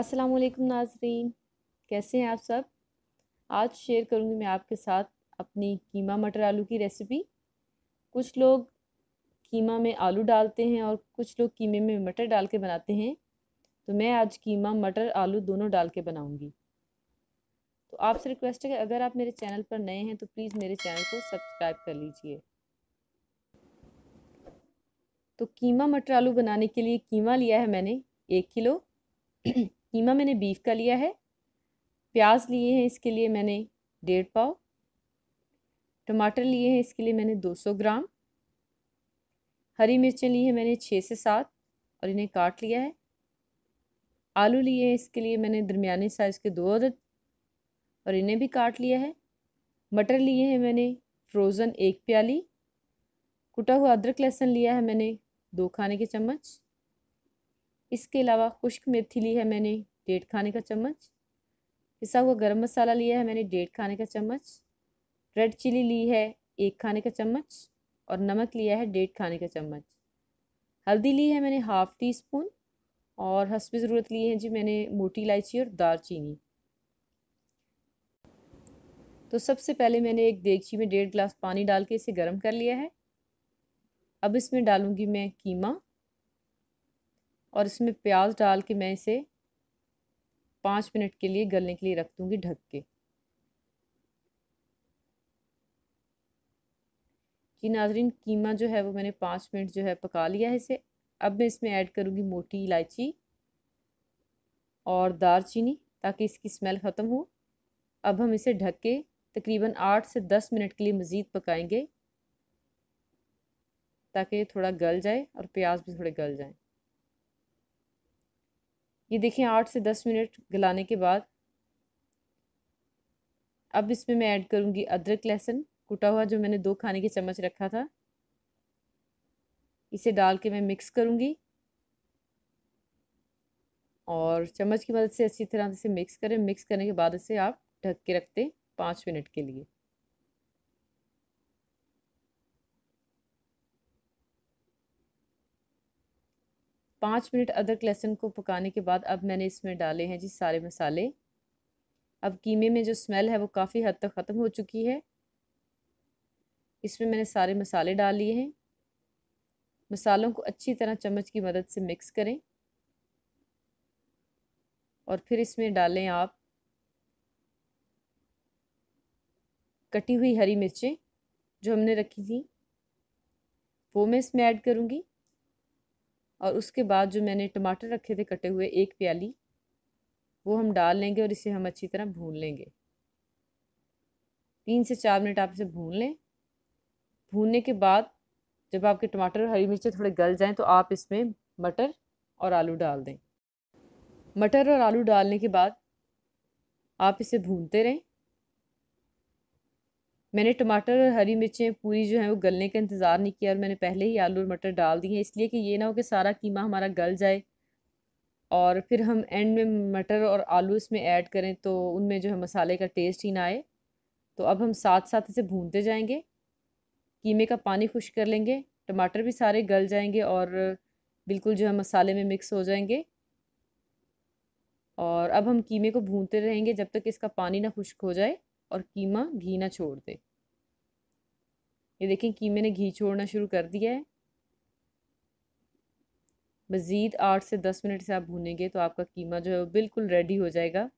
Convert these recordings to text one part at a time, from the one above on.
अस्सलाम नाजरीन कैसे हैं आप सब आज शेयर करूंगी मैं आपके साथ अपनी कीमा मटर आलू की रेसिपी कुछ लोग कीमा में आलू डालते हैं और कुछ लोग कीमे में मटर डाल के बनाते हैं तो मैं आज कीमा मटर आलू दोनों डाल के बनाऊंगी तो आपसे रिक्वेस्ट है कि अगर आप मेरे चैनल पर नए हैं तो प्लीज़ मेरे चैनल को सब्सक्राइब कर लीजिए तो कीमा मटर आलू बनाने के लिए कीमा लिया है मैंने एक किलो कीमा मैंने बीफ का लिया है प्याज लिए हैं इसके लिए मैंने डेढ़ पाव टमाटर लिए हैं इसके लिए मैंने 200 ग्राम हरी मिर्चें ली हैं मैंने छः से सात और इन्हें काट लिया है आलू लिए हैं इसके लिए मैंने दरमियाने साइज़ के दो अदद और इन्हें भी काट लिया है मटर लिए हैं मैंने फ्रोज़न एक प्याली कुटा हुआ अदरक लहसुन लिया है मैंने दो खाने के चम्मच इसके अलावा खुश्क मेथी ली है मैंने डेढ़ खाने का चम्मच पिसा हुआ गर्म मसाला लिया है मैंने डेढ़ खाने का चम्मच रेड चिली ली है एक खाने का चम्मच और नमक लिया है डेढ़ खाने का चम्मच हल्दी ली है मैंने हाफ़ टी स्पून और हंसपी ज़रूरत ली है जी मैंने मोटी इलायची और दालचीनी तो सबसे पहले मैंने एक देगची में डेढ़ गिलास पानी डाल के इसे गर्म कर लिया है अब इसमें डालूंगी मैं कीमा और इसमें प्याज डाल के मैं इसे पाँच मिनट के लिए गलने के लिए रख दूँगी ढक के जी नाजरीन कीमा जो है वो मैंने पाँच मिनट जो है पका लिया है इसे अब मैं इसमें ऐड करूँगी मोटी इलायची और दारचीनी ताकि इसकी स्मेल ख़त्म हो अब हम इसे ढक के तकरीबन आठ से दस मिनट के लिए मज़ीद पकाएंगे ताकि ये थोड़ा गल जाए और प्याज भी थोड़े गल जाएँ ये देखें आठ से दस मिनट गलाने के बाद अब इसमें मैं ऐड करूँगी अदरक लहसुन कुटा हुआ जो मैंने दो खाने के चम्मच रखा था इसे डाल के मैं मिक्स करूँगी और चम्मच की मदद से अच्छी तरह से मिक्स करें मिक्स करने के बाद इसे आप ढक के रख दें पाँच मिनट के लिए पाँच मिनट अदरक लहसुन को पकाने के बाद अब मैंने इसमें डाले हैं जी सारे मसाले अब कीमे में जो स्मेल है वो काफ़ी हद तक ख़त्म हो चुकी है इसमें मैंने सारे मसाले डाल लिए हैं मसालों को अच्छी तरह चम्मच की मदद से मिक्स करें और फिर इसमें डालें आप कटी हुई हरी मिर्चें जो हमने रखी थी वो मैं इसमें ऐड करूँगी और उसके बाद जो मैंने टमाटर रखे थे कटे हुए एक प्याली वो हम डाल लेंगे और इसे हम अच्छी तरह भून लेंगे तीन से चार मिनट आप इसे भून लें भूनने के बाद जब आपके टमाटर और हरी मिर्चें थोड़े गल जाएं तो आप इसमें मटर और आलू डाल दें मटर और आलू डालने के बाद आप इसे भूनते रहें मैंने टमाटर और हरी मिर्चें पूरी जो है वो गलने का इंतज़ार नहीं किया और मैंने पहले ही आलू और मटर डाल दिए हैं इसलिए कि ये ना हो कि सारा कीमा हमारा गल जाए और फिर हम एंड में मटर और आलू इसमें ऐड करें तो उनमें जो है मसाले का टेस्ट ही ना आए तो अब हम साथ साथ इसे भूनते जाएंगे कीमे का पानी खुश कर लेंगे टमाटर भी सारे गल जाएंगे और बिल्कुल जो है मसाले में मिक्स हो जाएंगे और अब हम कीमे को भूनते रहेंगे जब तक इसका पानी ना खुश्क हो जाए और कीमा घी ना छोड़ दे ये देखें कीमे ने घी छोड़ना शुरू कर दिया है मज़ीद आठ से दस मिनट से आप भूनेंगे तो आपका कीमा जो है वो बिल्कुल रेडी हो जाएगा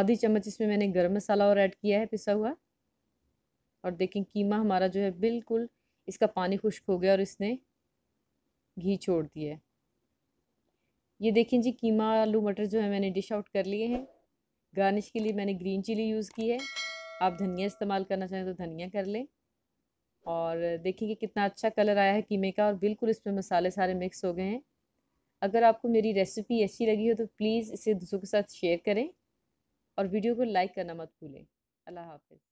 आधी चम्मच इसमें मैंने गर्म मसाला और ऐड किया है पिसा हुआ और देखें कीमा हमारा जो है बिल्कुल इसका पानी खुश्क हो गया और इसने घी छोड़ दिया है ये देखें जी कीमा आलू मटर जो है मैंने डिश आउट कर लिए हैं गार्निश के लिए मैंने ग्रीन चिली यूज़ की है आप धनिया इस्तेमाल करना चाहें तो धनिया कर लें और देखिए कि कितना अच्छा कलर आया है कीमे का और बिल्कुल इसमें मसाले सारे मिक्स हो गए हैं अगर आपको मेरी रेसिपी अच्छी लगी हो तो प्लीज़ इसे दूसरों के साथ शेयर करें और वीडियो को लाइक करना मत भूलें अल्लाह हाफिज़